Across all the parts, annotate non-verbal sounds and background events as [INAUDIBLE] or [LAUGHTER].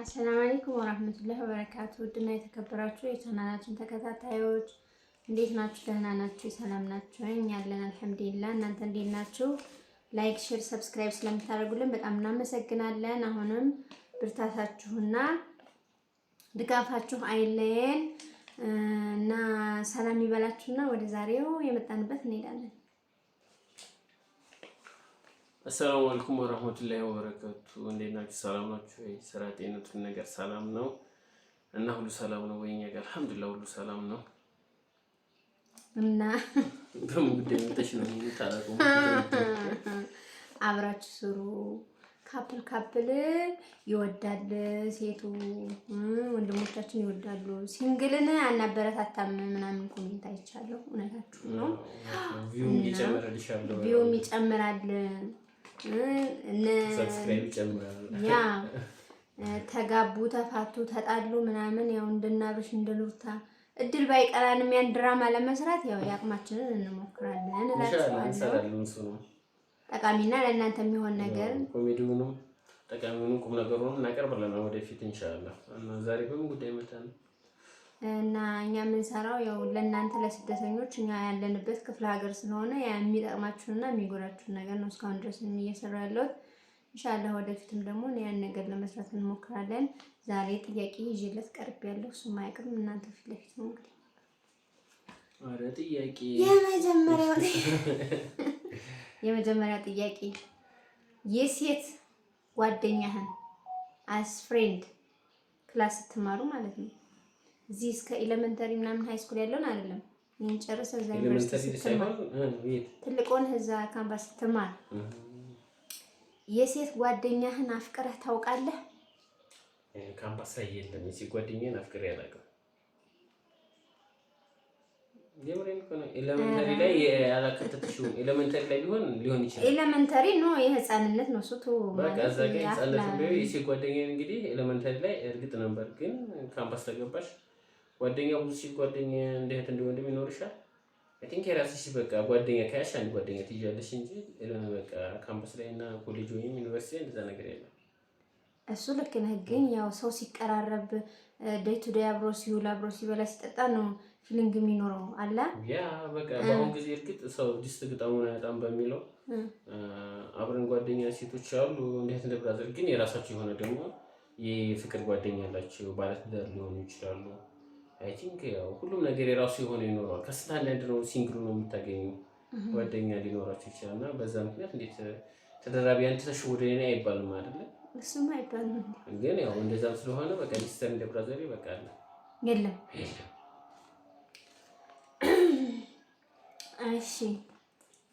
አሰላም አለይኩም ወራህመቱላሂ ወበረካቱ። ውድና የተከበራችሁ የቻናላችን ተከታታዮች እንዴት ናችሁ? ደህና ናችሁ? ሰላም ናችሁ? እኛ አለን አልሐምዱሊላህ። እናንተ እንዴት ናችሁ? ላይክ፣ ሼር፣ ሰብስክራይብ ስለምታደርጉልን በጣም እናመሰግናለን። አሁንም ብርታታችሁና ድጋፋችሁ አይለየን እና ሰላም ይበላችሁና ወደ ዛሬው የመጣንበት እንሄዳለን። አሰላሙ አለይኩም ወረህመቱላሂ ወበረካቱ። እንዴት ናችሁ? ሰላም ናችሁ ወይ? ስራ ጤነቱን ነገር ሰላም ነው እና ሁሉ ሰላም ነው ወይ? እኛ ጋር አልሐምዱሊላህ ሁሉ ሰላም ነው እና በምን ጉዳይ መጣሽ ነው የምታረቁ? [LAUGHS] አብራችሁ ስሩ። ካፕል ካፕል ይወዳል፣ ሴቱ ወንድሞቻችን ይወዳሉ። ሲንግልን አናበረታታም ምናምን ኮሜንት አይቻለሁ። እውነታችሁ ነው። ቪውም ይጨምራል ያ [LAUGHS] ተጋቡ፣ ተፋቱ፣ ተጣሉ ምናምን ያው እንደናብሽ እንደሉርታ እድል ባይቀራንም ያን ድራማ ለመስራት ያው የአቅማችንን እንሞክራለን እላቸዋለሁ። ጠቃሚና ለእናንተ የሚሆን ነገር ኮሜዲውንም ጠቃሚውንም ቁም ነገሩንም እናቀርብለን ወደፊት ኢንሻአላህ። እና ዛሬ በምን ጉዳይ መጣን? እና እኛ የምንሰራው ያው ለእናንተ ለስደተኞች እኛ ያለንበት ክፍለ ሀገር ስለሆነ የሚጠቅማችሁንና የሚጎዳችሁን ነገር ነው እስካሁን ድረስ እየሰራ ያለሁት። ኢንሻላህ ወደፊትም ደግሞ ያን ነገር ለመስራት እንሞክራለን። ዛሬ ጥያቄ ይዤለት ቀርብ ያለው እሱም አይቅርም እናንተ ፊት ለፊት ነው እንግዲህ። ጥያቄ የመጀመሪያው [LAUGHS] የመጀመሪያው ጥያቄ የሴት ጓደኛህን አስ ፍሬንድ ክላስ ስትማሩ ማለት ነው እዚህ እስከ ኤሌመንተሪ ምናምን ሃይ ስኩል ያለውን አይደለም ይህን ጨርሰ እዛ ትልቁን እዛ ካምፓስ ትማር የሴት ጓደኛህን አፍቅረህ ታውቃለህ? ካምፓስ ላይ የለም የሴት ጓደኛህን አፍቅሬ አላውቅም። ኤሌመንተሪ ላይ አላከተትሽውም? ኤሌመንተሪ ላይ ቢሆን ሊሆን ይችላል። ኤሌመንተሪ የህፃንነት ነው ሱቱ በቃ ህፃንነት ነው። የሴት ጓደኛዬን እንግዲህ ኤሌመንተሪ ላይ እርግጥ ነበር፣ ግን ካምፓስ ተገባሽ ጓደኛ ብዙ ሲል ጓደኛ እንደህት እንደወንድም እንደ ወንድም ይኖርሻል። አይ ቲንክ የራስሽ በቃ ጓደኛ ከያሽ አንድ ጓደኛ ትይዣለሽ እንጂ በቃ ካምፓስ ላይ እና ኮሌጅ ወይም ዩኒቨርሲቲ ላይ እንደዛ ነገር የለም። እሱ ልክ ነህ፣ ግን ያው ሰው ሲቀራረብ ዴይ ቱ ዴይ አብሮ ሲውል አብሮ ሲበላ ሲጠጣ ነው ፊሊንግ የሚኖረው አለ። ያ በቃ በአሁን ጊዜ እርግጥ ሰው ድስት ግጣሙን አያጣም በሚለው አብረን ጓደኛ ሴቶች አሉ እንዴት እንደ ብራዘር፣ ግን የራሳቸው የሆነ ደግሞ የፍቅር ጓደኛ አላቸው። ባለትዳር ሊሆኑ ይችላሉ አይ ቲንክ ያው ሁሉም ነገር የራሱ የሆነ ይኖረዋል። ከስንት አንዳንድ ነው ሲንግሉ ነው የምታገኙ ጓደኛ ሊኖራቸው ይችላል። እና በዛ ምክንያት እንዴት ተደራቢ አንተ ተሽ ወደ እኔ አይባልም አይደለ? እሱም አይባልም። ግን ያው እንደዛም ስለሆነ በቃ ሊስተር እንደ ብራዘር በቃ አለ የለም። እሺ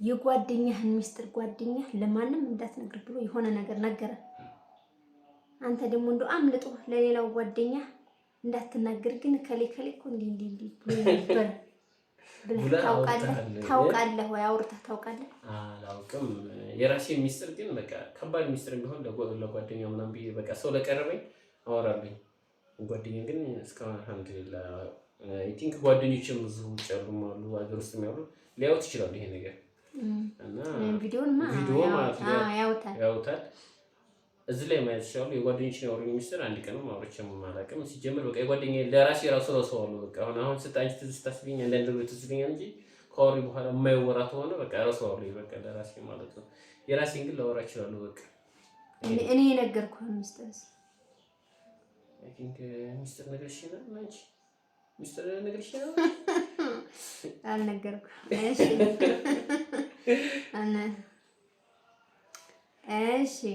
የጓደኛህን ሚስጥር ጓደኛህ ለማንም እንዳትነግር ብሎ የሆነ ነገር ነገረ አንተ ደግሞ እንደው አምልጦ ለሌላው ጓደኛህ እንዳትናገር ግን ከሌ ከሌ እኮ እንዲህ እንዲህ እንዲህ ብሎ ነበር ብለህ ታውቃለህ? ታውቃለህ ወይ አውርተህ ታውቃለህ? አላውቅም። የራሴ ሚስጥር ግን በቃ ከባድ ሚስጥር ቢሆን ለጓደኛ ምናምን ብዬ በቃ ሰው ለቀረበኝ አወራለኝ። ጓደኛ ግን እስካሁን አልሐምዱሊላ ቲንክ ጓደኞችም ብዙ ውጭ አሉ ሀገር ውስጥ ያሉ ሊያዩት ይችላሉ ይሄ ነገር እና ቪዲዮን ያውታል ያውታል እዚህ ላይ ማየት ይችላሉ። የጓደኞችን ያወሩኝ ሚስጥር አንድ ቀንም አውርቼም አላውቅም። ሲጀምር በቃ የጓደኛ ለራሴ የራሱ ረሱ አሉ። በቃ አሁን አሁን ስጣኝ ትዝ ስታስብኝ አንዳንድ ነገሮች ትዝ ይለኛል እንጂ ከወሪ በኋላ የማይወራ ከሆነ በቃ ረሱ አሉ። በቃ ለራሴ ማለት ነው። የራሴን ግን ላወራ ይችላሉ። በቃ እኔ የነገርኩህ ሚስጥርስ ሚስጥር ነገር ይችላል አንቺ ሚስጥር ነገር ይችላል አልነገርኩም። እሺ [LAUGHS] እሺ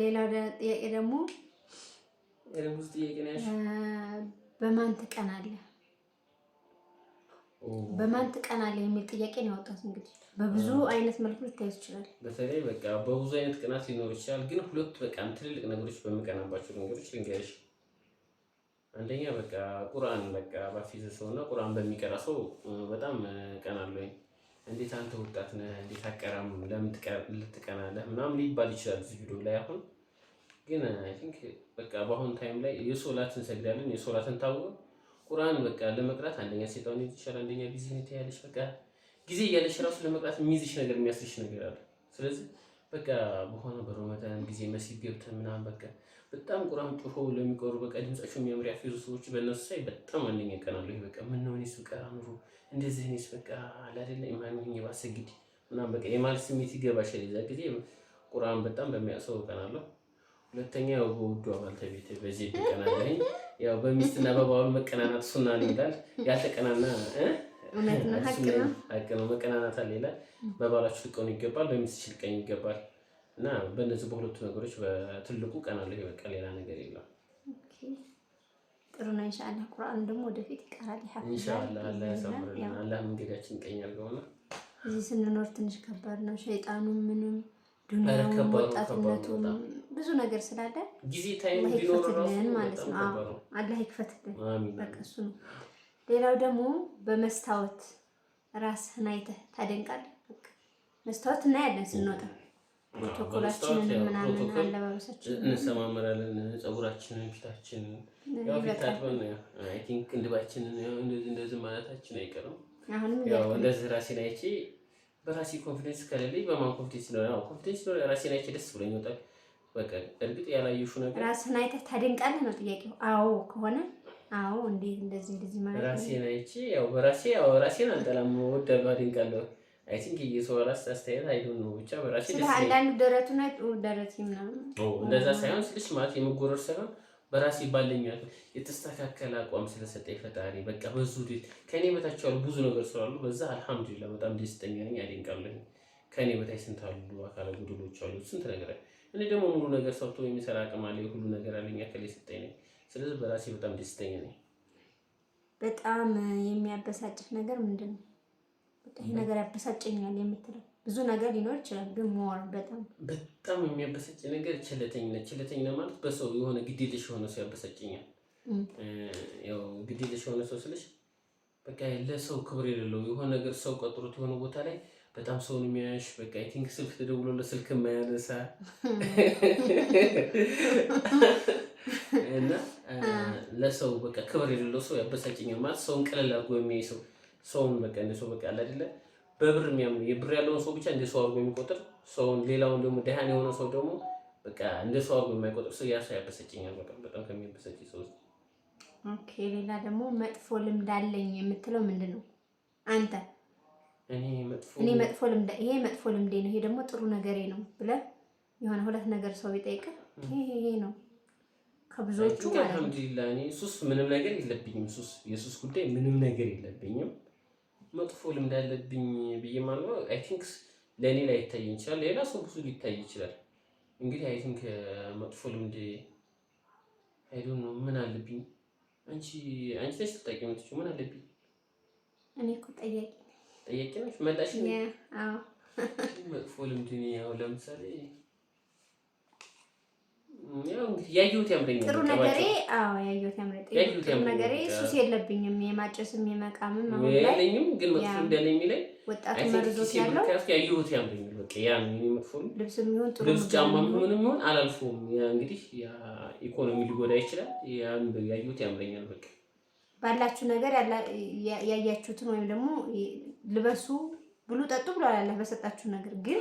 ሌላው ጥያቄ ደግሞ በማን ትቀናለህ? በማን ትቀናለህ የሚል ጥያቄ ነው ያወጣሁት። እንግዲህ በብዙ አይነት መልኩ ሊታይ ይችላል። በተለይ በቃ በብዙ አይነት ቅናት ሊኖር ይችላል። ግን ሁለቱ በጣም ትልልቅ ነገሮች በምቀናባቸው ነገሮች ልንገርሽ። አንደኛ በቃ ቁርአን በቃ ባፊዘ ሰው እና ቁርአን በሚቀራ ሰው በጣም ቀናለሁ። እንዴት አንተ ወጣት ነህ፣ እንዴት አቀራም ለምን ልትቀናለህ ምናምን ሊባል ይችላል እዚህ ቪዲዮ ላይ። አሁን ግን አይ ቲንክ በቃ በአሁኑ ታይም ላይ የሶላት እንሰግዳለን፣ የሶላትን ታውቁ ቁርአን በቃ ለመቅራት አንደኛ ሴጣን ይችላል፣ አንደኛ ቢዝነስ ያለሽ በቃ ጊዜ እያለሽ ራሱ ለመቅራት የሚይዝሽ ነገር የሚያስልሽ ነገር አለ። ስለዚህ በቃ በሆነ በረመዳን ጊዜ መሲብ ገብተን ምናምን በቃ በጣም ቁራም ጮሆ ለሚቆሩ በቃ ድምጻቸው የሚያምር ያፌዙ ሰዎች በእነሱ ሳይ በጣም ዋነኛ ቀናሉ። ይህ በቃ ምን ነው እኔስ በቃ አኑሮ እንደዚህ እኔስ በቃ አላደለ ኢማን ሆኜ ባሰግድ ምናምን በቃ የማል ስሜት ይገባሻል። የዛ ጊዜ ቁርአን በጣም በሚያሰው ቀናለሁ። ሁለተኛ ያው በውዱ ባልተቤት በዚህ ቀናለኝ። ያው በሚስትና በባሉ መቀናናት ሱና ይላል ያልተቀናና እውነት ሀቅ ነው፣ መቀናናት አለ ይላል። በባላችሁ ልቀኑ ይገባል፣ በሚስችል ቀኝ ይገባል። እና በእነዚህ በሁለቱ ነገሮች በትልቁ ቀና በቃ ሌላ ነገር የለውም። ጥሩ ነው። ኢንሻአላህ ቁርአን ደግሞ ወደፊት ይቀራል። ይሐፍዛል ኢንሻአላህ። መንገዳችን ቀኝ አድርገውና እዚህ ስንኖር ትንሽ ከባድ ነው። ሸይጣኑም ምንም ዱንያውም ወጣትነቱም ብዙ ነገር ስላለ ጊዜ ታይም ቢኖር ማለት ነው። አላህ ይክፈትልን። በቃ እሱ ነው። ሌላው ደግሞ በመስታወት ራስህን አይተህ ታደንቃለህ። መስታወት እናያለን ስንወጣ ፕሮቶኮላችንን ምናምን አለባበሳችንን እንሰማመራለን። ፀጉራችንን፣ ፊታችንን ያው ፊት ታጥበን አይ ቲንክ እንድባችንን ያው እንደዚህ እንደዚህ ማለታችን አይቀርም። ያው እንደዚህ ራሴን አይቼ በራሴ ኮንፊደንስ ከሌለኝ በማን ኮንፊደንስ ነው? ያው ኮንፊደንስ ነው። ራሴን አይቼ ደስ ብሎኝ ይወጣል። በቃ እርግጥ ያላየሽው ነገር ራስህን አይተህ ታደንቃለህ ነው ጥያቄው? አዎ ከሆነ አዎ እንዴት እንደዚህ እንደዚህ ማለት ነው። ራሴን አይቼ ያው በራሴ ያው ራሴን አልጠላም፣ እወዳለሁ፣ አድንቃለሁ። አይ ቲንክ የሰው ራስ አስተያየት አይ ዶንት ኖ ብቻ በራሴ ደስ ይላል። አንዳንዱ ደረቱ ነው ደረቱ ምናምን ኦ እንደዛ ሳይሆን ስልሽ ማለት የመጎረር ሳይሆን በራሴ ባለኝ የተስተካከለ አቋም ስለሰጠኝ ፈጣሪ በቃ በዙ ዲት ከኔ በታች ያሉ ብዙ ነገር ስላሉ በዛ አልሐምዱሊላህ በጣም ደስተኛ ነኝ፣ አድንቃለሁ። ከኔ በታች ስንት አሉ አካለ ጉድሎች አሉ፣ ስንት ነገር እኔ ደግሞ ሙሉ ነገር ሰርቶ የሚሰራ አቅም አለ፣ ሁሉ ነገር አለኛ አካል ሰጠኝ ነኝ ስለዚህ በራሴ በጣም ደስተኛ ነኝ። በጣም የሚያበሳጭህ ነገር ምንድን ነው? ይህ ነገር ያበሳጨኛል የምትለው ብዙ ነገር ሊኖር ይችላል፣ ግን ሞር በጣም በጣም የሚያበሳጭ ነገር ቸለተኝነት። ቸለተኛ ማለት በሰው የሆነ ግዴለሽ የሆነ ሰው ያበሳጭኛል። ያው ግዴለሽ የሆነ ሰው ስልሽ በቃ ለሰው ክብር የሌለው የሆነ ነገር ሰው ቀጥሮት የሆነ ቦታ ላይ በጣም ሰውን የሚያሽ በቃ አይ ቲንክ ስልክ ተደውሎለት ስልክ የማያነሳ እና ለሰው በቃ ክብር የሌለው ሰው ያበሳጭኛል። ማለት ሰውን ቀለል አድርጎ የሚያይ ሰው ሰውን በቃ እንደ ሰው በቃ አለ አይደለ በብር የሚያምኑ የብር ያለውን ሰው ብቻ እንደ ሰው አድርጎ የሚቆጥር ሰውን ሌላውን ደግሞ ደሃን የሆነ ሰው ደግሞ በቃ እንደ ሰው አድርጎ የማይቆጥር ሰው ያ ሰው ያበሳጭኛል። በቃ በጣም ከሚያበሳጭ ሰው ኦኬ። ሌላ ደግሞ መጥፎ ልምድ አለኝ የምትለው ምንድን ነው አንተ? እኔ መጥፎ ልምድ ይሄ መጥፎ ልምዴ ነው፣ ይሄ ደግሞ ጥሩ ነገሬ ነው ብለህ የሆነ ሁለት ነገር ሰው ቢጠይቅህ ይሄ ነው ከብዙዎቹ ማለት አልሐምዱሊላህ እኔ ሱስ ምንም ነገር የለብኝም። ሱስ የሱስ ጉዳይ ምንም ነገር የለብኝም። መጥፎ ልምድ አለብኝ ብዬ ማለት ነው አይ ቲንክ ለእኔ ላይ ይታይ ይችላል፣ ሌላ ሰው ብዙ ሊታይ ይችላል። እንግዲህ አይ ቲንክ መጥፎ ልምድ አይ ዶንት ኖ ምን አለብኝ አንቺ አንቺ ነሽ ተጠቂመትች ምን አለብኝ እኔ እኮ ጠያቂ ጠያቂ ነሽ መላሽ መጥፎ ልምድ ያው ለምሳሌ ያየሁት ያምረኛል። ጥሩ ነገሬ አዎ ያየሁት ያምረኛል። ጥሩ ነገሬ ሱስ የለብኝም የማጨስም የመቃምም አሁን ላይ የለኝም። ግን መጥፎ እንዳለ የሚለኝ ወጣቱ መርዞት ያለው ያየሁት ያምረኛል። በቃ ያ ነው መጥፎ ልብስ የሚሆን ጥሩ ልብስ ጫማ የሚሆን የሚሆን አላልፎም። ያ እንግዲህ ያ ኢኮኖሚ ሊጎዳ ይችላል። ያን ያየሁት ያምረኛል በቃ ባላችሁ ነገር ያያችሁትን ወይም ደግሞ ልበሱ ብሉ ጠጡ ብሎ አላለ። በሰጣችሁ ነገር ግን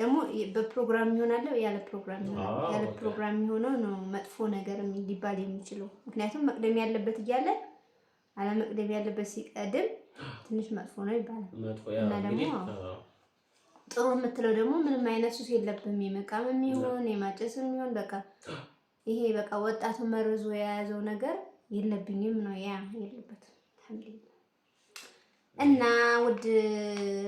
ደግሞ በፕሮግራም ይሆናል ያለ ፕሮግራም ይሆናል። ያለ ፕሮግራም የሆነው ነው መጥፎ ነገር ሊባል የሚችለው። ምክንያቱም መቅደም ያለበት እያለ አለመቅደም ያለበት ሲቀድም ትንሽ መጥፎ ነው ይባላል። እና ደግሞ ጥሩ የምትለው ደግሞ ምንም አይነት ሱስ የለብም። የመቃም የሚሆን የማጨስ የሚሆን በቃ ይሄ በቃ ወጣቱ መርዞ የያዘው ነገር የለብኝም ነው ያ የለበት እና ውድ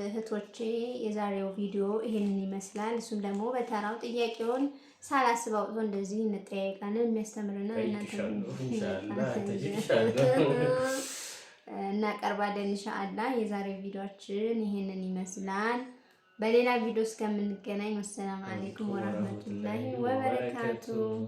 እህቶቼ የዛሬው ቪዲዮ ይሄንን ይመስላል። እሱም ደግሞ በተራው ጥያቄውን ሳላስብ አውጥቶ እንደዚህ እንጠያየቃለን። የሚያስተምርና [LAUGHS] እናቀርባለን ኢንሻአላህ። የዛሬው ቪዲዮችን ይሄንን ይመስላል። በሌላ ቪዲዮ እስከምንገናኝ ወሰላም አለይኩም ወራህመቱላሂ ወበረካቱ።